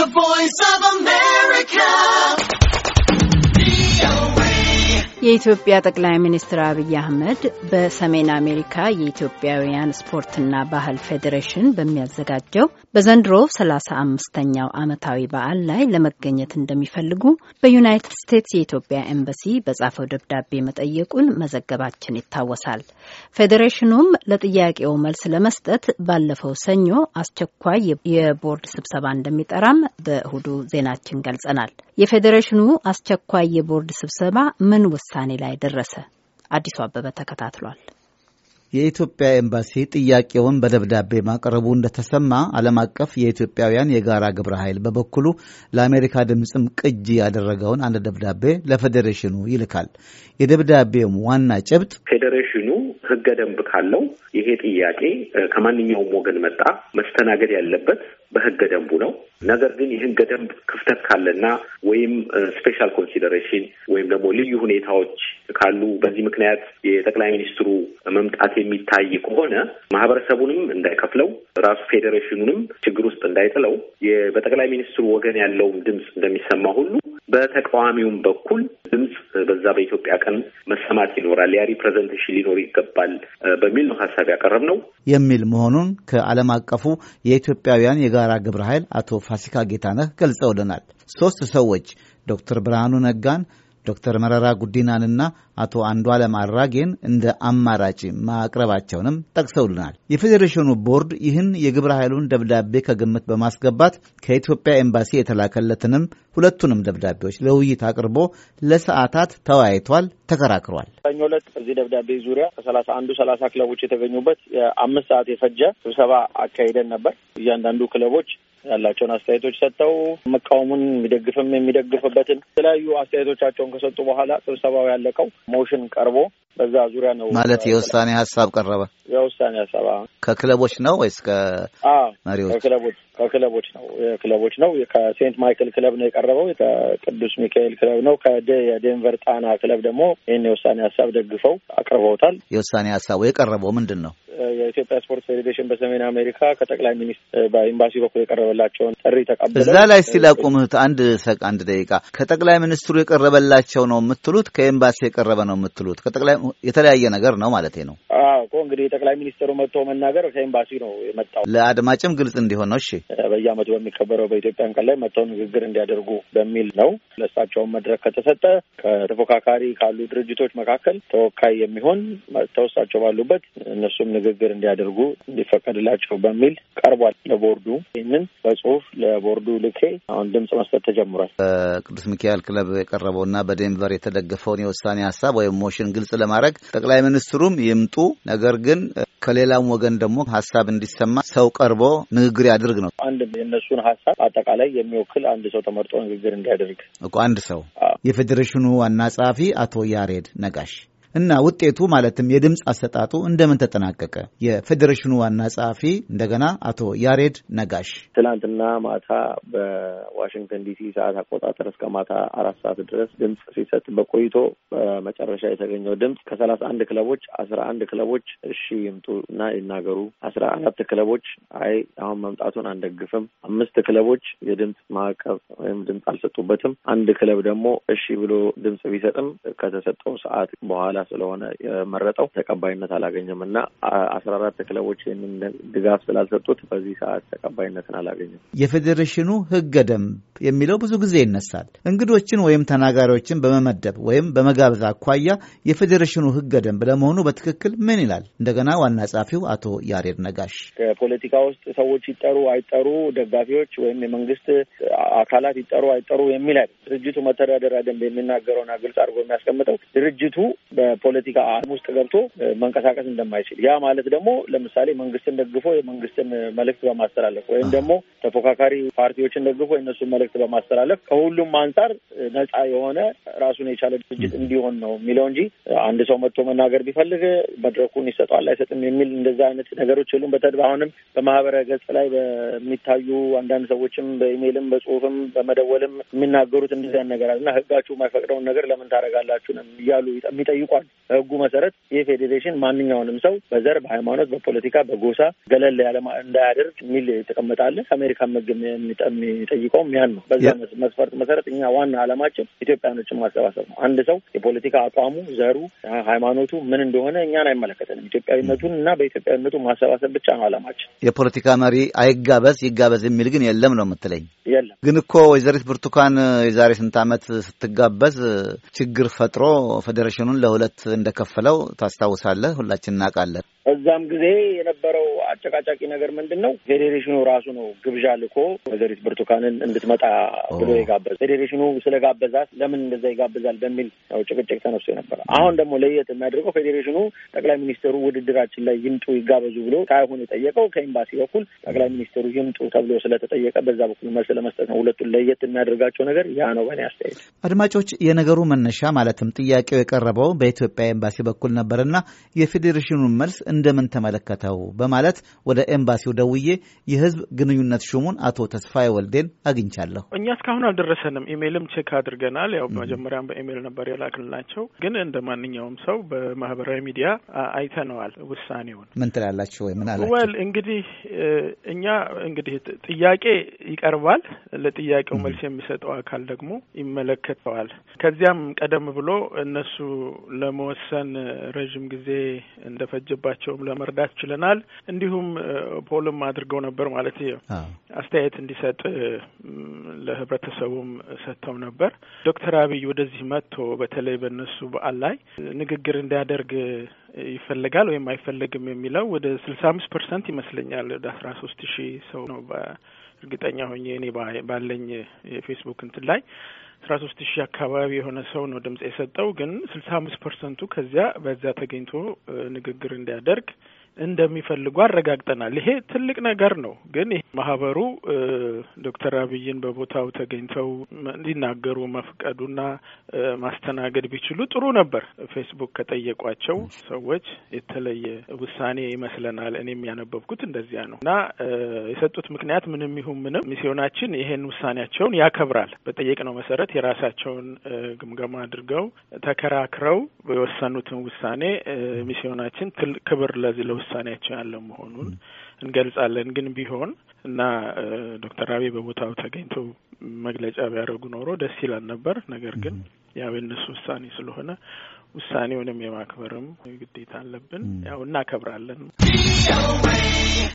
The Voice of America. የኢትዮጵያ ጠቅላይ ሚኒስትር አብይ አህመድ በሰሜን አሜሪካ የኢትዮጵያውያን ስፖርትና ባህል ፌዴሬሽን በሚያዘጋጀው በዘንድሮ 35 አምስተኛው ዓመታዊ በዓል ላይ ለመገኘት እንደሚፈልጉ በዩናይትድ ስቴትስ የኢትዮጵያ ኤምባሲ በጻፈው ደብዳቤ መጠየቁን መዘገባችን ይታወሳል። ፌዴሬሽኑም ለጥያቄው መልስ ለመስጠት ባለፈው ሰኞ አስቸኳይ የቦርድ ስብሰባ እንደሚጠራም በእሁዱ ዜናችን ገልጸናል። የፌዴሬሽኑ አስቸኳይ የቦርድ ስብሰባ ምን ውሳኔ ላይ ደረሰ? አዲሱ አበበ ተከታትሏል። የኢትዮጵያ ኤምባሲ ጥያቄውን በደብዳቤ ማቅረቡ እንደተሰማ ዓለም አቀፍ የኢትዮጵያውያን የጋራ ግብረ ኃይል በበኩሉ ለአሜሪካ ድምፅም ቅጂ ያደረገውን አንድ ደብዳቤ ለፌዴሬሽኑ ይልካል። የደብዳቤውም ዋና ጭብጥ ፌዴሬሽኑ ህገ ደንብ ካለው ይሄ ጥያቄ ከማንኛውም ወገን መጣ መስተናገድ ያለበት በህገ ደንቡ ነው። ነገር ግን የህገ ደንብ ክፍተት ካለና ወይም ስፔሻል ኮንሲደሬሽን ወይም ደግሞ ልዩ ሁኔታዎች ካሉ በዚህ ምክንያት የጠቅላይ ሚኒስትሩ መምጣት የሚታይ ከሆነ ማህበረሰቡንም እንዳይከፍለው ራሱ ፌዴሬሽኑንም ችግር ውስጥ እንዳይጥለው በጠቅላይ ሚኒስትሩ ወገን ያለውም ድምፅ እንደሚሰማ ሁሉ በተቃዋሚውም በኩል ድምፅ በዛ በኢትዮጵያ ቀን መሰማት ይኖራል፣ ያ ሪፕሬዘንቴሽን ሊኖር ይገባል በሚል ነው ሀሳብ ያቀረብ ነው የሚል መሆኑን ከዓለም አቀፉ የኢትዮጵያውያን የጋራ ግብረ ኃይል አቶ ፋሲካ ጌታነህ ገልጸውልናል። ሶስት ሰዎች ዶክተር ብርሃኑ ነጋን ዶክተር መረራ ጉዲናንና አቶ አንዷለም አራጌን እንደ አማራጭ ማቅረባቸውንም ጠቅሰውልናል። የፌዴሬሽኑ ቦርድ ይህን የግብረ ኃይሉን ደብዳቤ ከግምት በማስገባት ከኢትዮጵያ ኤምባሲ የተላከለትንም ሁለቱንም ደብዳቤዎች ለውይይት አቅርቦ ለሰዓታት ተወያይቷል፣ ተከራክሯል። ሰኞ ዕለት እዚህ ደብዳቤ ዙሪያ ከሰላሳ አንዱ ሰላሳ ክለቦች የተገኙበት የአምስት ሰዓት የፈጀ ስብሰባ አካሂደን ነበር። እያንዳንዱ ክለቦች ያላቸውን አስተያየቶች ሰጥተው መቃወሙን የሚደግፍም የሚደግፍበትን የተለያዩ አስተያየቶቻቸውን ከሰጡ በኋላ ስብሰባው ያለቀው ሞሽን ቀርቦ በዛ ዙሪያ ነው ማለት የውሳኔ ሀሳብ ቀረበ። የውሳኔ ሀሳብ ከክለቦች ነው ወይስ ከመሪዎች? ከክለቦች ከክለቦች ነው የክለቦች ነው። ከሴንት ማይክል ክለብ ነው የቀረበው። ከቅዱስ ሚካኤል ክለብ ነው። ከዴንቨር ጣና ክለብ ደግሞ ይህን የውሳኔ ሀሳብ ደግፈው አቅርበውታል። የውሳኔ ሀሳቡ የቀረበው ምንድን ነው? የኢትዮጵያ ስፖርት ፌዴሬሽን በሰሜን አሜሪካ ከጠቅላይ ሚኒስትር በኤምባሲ በኩል የቀረበላቸውን ጥሪ ተቀበለ። እዛ ላይ ሲላቁምህት አንድ ሰቅ አንድ ደቂቃ ከጠቅላይ ሚኒስትሩ የቀረበላቸው ነው የምትሉት ከኤምባሲ የቀረበ ነው የምትሉት ከጠቅላይ የተለያየ ነገር ነው ማለት ነው? አዎ እኮ እንግዲህ የጠቅላይ ሚኒስትሩ መጥቶ መናገር ከኤምባሲ ነው የመጣው። ለአድማጭም ግልጽ እንዲሆን ነው። እሺ በየአመቱ በሚከበረው በኢትዮጵያን ቀን ላይ መጥተው ንግግር እንዲያደርጉ በሚል ነው። ለእሳቸውን መድረክ ከተሰጠ ከተፎካካሪ ካሉ ድርጅቶች መካከል ተወካይ የሚሆን መጥተው እሳቸው ባሉበት እነሱም ንግግር እንዲያደርጉ እንዲፈቀድላቸው በሚል ቀርቧል ለቦርዱ። ይህንን በጽሁፍ ለቦርዱ ልኬ አሁን ድምጽ መስጠት ተጀምሯል። በቅዱስ ሚካኤል ክለብ የቀረበውና በዴንቨር የተደገፈውን የውሳኔ ሀሳብ ወይም ሞሽን ግልጽ ለማድረግ ጠቅላይ ሚኒስትሩም ይምጡ፣ ነገር ግን ከሌላም ወገን ደግሞ ሀሳብ እንዲሰማ ሰው ቀርቦ ንግግር ያድርግ ነው። አንድ የእነሱን ሀሳብ አጠቃላይ የሚወክል አንድ ሰው ተመርጦ ንግግር እንዲያደርግ እኮ አንድ ሰው የፌዴሬሽኑ ዋና ጸሐፊ አቶ ያሬድ ነጋሽ እና ውጤቱ ማለትም የድምፅ አሰጣጡ እንደምን ተጠናቀቀ? የፌዴሬሽኑ ዋና ጸሐፊ እንደገና አቶ ያሬድ ነጋሽ ትናንትና ማታ በዋሽንግተን ዲሲ ሰዓት አቆጣጠር እስከ ማታ አራት ሰዓት ድረስ ድምፅ ሲሰጥ በቆይቶ በመጨረሻ የተገኘው ድምፅ ከሰላሳ አንድ ክለቦች አስራ አንድ ክለቦች እሺ ይምጡ እና ይናገሩ፣ አስራ አራት ክለቦች አይ አሁን መምጣቱን አንደግፍም፣ አምስት ክለቦች የድምፅ ማዕቀብ ወይም ድምፅ አልሰጡበትም፣ አንድ ክለብ ደግሞ እሺ ብሎ ድምፅ ቢሰጥም ከተሰጠው ሰዓት በኋላ በኋላ ስለሆነ የመረጠው ተቀባይነት አላገኘም እና አስራ አራት ክለቦች ይህንን ድጋፍ ስላልሰጡት በዚህ ሰዓት ተቀባይነትን አላገኘም። የፌዴሬሽኑ ህገ ደንብ የሚለው ብዙ ጊዜ ይነሳል። እንግዶችን ወይም ተናጋሪዎችን በመመደብ ወይም በመጋበዝ አኳያ የፌዴሬሽኑ ህገ ደንብ ለመሆኑ በትክክል ምን ይላል? እንደገና ዋና ጸሐፊው አቶ ያሬድ ነጋሽ ከፖለቲካ ውስጥ ሰዎች ይጠሩ አይጠሩ፣ ደጋፊዎች ወይም የመንግስት አካላት ይጠሩ አይጠሩ የሚል አይደል። ድርጅቱ መተዳደሪያ ደንብ የሚናገረውን ግልጽ አድርጎ የሚያስቀምጠው ድርጅቱ ፖለቲካ ዓለም ውስጥ ገብቶ መንቀሳቀስ እንደማይችል ያ ማለት ደግሞ ለምሳሌ መንግስትን ደግፎ የመንግስትን መልእክት በማስተላለፍ ወይም ደግሞ ተፎካካሪ ፓርቲዎችን ደግፎ የእነሱን መልእክት በማስተላለፍ ከሁሉም አንጻር ነጻ የሆነ ራሱን የቻለ ድርጅት እንዲሆን ነው የሚለው እንጂ አንድ ሰው መጥቶ መናገር ቢፈልግ መድረኩን ይሰጠዋል አይሰጥም የሚል እንደዛ አይነት ነገሮች ሁሉም በተድባ አሁንም በማህበረ ገጽ ላይ በሚታዩ አንዳንድ ሰዎችም በኢሜይልም በጽሁፍም በመደወልም የሚናገሩት እንደዚያን ነገር አለ እና ህጋችሁ የማይፈቅደውን ነገር ለምን ታደርጋላችሁ እያሉ የሚጠይቁ one. በህጉ መሰረት ይህ ፌዴሬሽን ማንኛውንም ሰው በዘር፣ በሃይማኖት፣ በፖለቲካ፣ በጎሳ ገለል ያለ እንዳያደርግ የሚል ተቀመጣለ። ከአሜሪካን መግ የሚጠይቀውም ያን ነው። በዛ መስፈርት መሰረት እኛ ዋና አለማችን ኢትዮጵያኖችን ማሰባሰብ ነው። አንድ ሰው የፖለቲካ አቋሙ፣ ዘሩ፣ ሃይማኖቱ ምን እንደሆነ እኛን አይመለከተንም። ኢትዮጵያዊነቱን እና በኢትዮጵያዊነቱ ማሰባሰብ ብቻ ነው አለማችን። የፖለቲካ መሪ አይጋበዝ ይጋበዝ የሚል ግን የለም ነው የምትለኝ? የለም ግን እኮ ወይዘሪት ብርቱካን የዛሬ ስንት ዓመት ስትጋበዝ ችግር ፈጥሮ ፌዴሬሽኑን ለሁለት እንደከፈለው ታስታውሳለህ። ሁላችን እናውቃለን። በዛም ጊዜ የነበረው አጨቃጫቂ ነገር ምንድን ነው? ፌዴሬሽኑ ራሱ ነው ግብዣ ልኮ ወይዘሪት ብርቱካንን እንድትመጣ ብሎ የጋበዝ ፌዴሬሽኑ ስለጋበዛት ለምን እንደዛ ይጋብዛል በሚል ያው ጭቅጭቅ ተነስቶ ነበረ አሁን ደግሞ ለየት የሚያደርገው ፌዴሬሽኑ ጠቅላይ ሚኒስትሩ ውድድራችን ላይ ይምጡ ይጋበዙ ብሎ ሳይሆን የጠየቀው ከኤምባሲ በኩል ጠቅላይ ሚኒስትሩ ይምጡ ተብሎ ስለተጠየቀ በዛ በኩል መልስ ለመስጠት ነው። ሁለቱን ለየት የሚያደርጋቸው ነገር ያ ነው በእኔ አስተያየት። አድማጮች፣ የነገሩ መነሻ ማለትም ጥያቄው የቀረበው በኢትዮጵያ ኤምባሲ በኩል ነበርና የፌዴሬሽኑን መልስ እንደምን ተመለከተው በማለት ወደ ኤምባሲው ደውዬ የህዝብ ግንኙነት ሹሙን አቶ ተስፋዬ ወልዴን አግኝቻለሁ። እኛ እስካሁን አልደረሰንም። ኢሜይልም ቼክ አድርገናል። ያው መጀመሪያም በኢሜይል ነበር የላክንላቸው፣ ግን እንደ ማንኛውም ሰው በማህበራዊ ሚዲያ አይተነዋል ውሳኔውን። ምን ትላላችሁ ወይ ምን አላችሁ? ወል እንግዲህ እኛ እንግዲህ ጥያቄ ይቀርባል። ለጥያቄው መልስ የሚሰጠው አካል ደግሞ ይመለከተዋል። ከዚያም ቀደም ብሎ እነሱ ለመወሰን ረዥም ጊዜ እንደፈጀባቸው እሳቸውም ለመርዳት ችለናል። እንዲሁም ፖልም አድርገው ነበር ማለት አስተያየት እንዲሰጥ ለህብረተሰቡም ሰጥተው ነበር። ዶክተር አብይ ወደዚህ መጥቶ በተለይ በእነሱ በዓል ላይ ንግግር እንዲያደርግ ይፈልጋል ወይም አይፈልግም የሚለው ወደ ስልሳ አምስት ፐርሰንት ይመስለኛል ወደ አስራ ሶስት ሺህ ሰው ነው እርግጠኛ ሆኜ እኔ ባለኝ የፌስቡክ እንትን ላይ አስራ ሶስት ሺህ አካባቢ የሆነ ሰው ነው ድምጽ የሰጠው። ግን ስልሳ አምስት ፐርሰንቱ ከዚያ በዛ ተገኝቶ ንግግር እንዲያደርግ እንደሚፈልጉ አረጋግጠናል። ይሄ ትልቅ ነገር ነው። ግን ማህበሩ ዶክተር አብይን በቦታው ተገኝተው እንዲናገሩ መፍቀዱና ማስተናገድ ቢችሉ ጥሩ ነበር። ፌስቡክ ከጠየቋቸው ሰዎች የተለየ ውሳኔ ይመስለናል። እኔም ያነበብኩት እንደዚያ ነው እና የሰጡት ምክንያት ምንም ይሁን ምንም ሚስዮናችን ይሄን ውሳኔያቸውን ያከብራል። በጠየቅነው መሰረት የራሳቸውን ግምገማ አድርገው ተከራክረው የወሰኑትን ውሳኔ ሚስዮናችን ትልቅ ክብር ለዚህ ለውሳኔያቸው ያለ መሆኑን እንገልጻለን። ግን ቢሆን እና ዶክተር አብይ በቦታው ተገኝተው መግለጫ ቢያደርጉ ኖሮ ደስ ይላል ነበር። ነገር ግን ያው የእነሱ ውሳኔ ስለሆነ ውሳኔውንም የማክበርም ግዴታ አለብን። ያው እናከብራለን።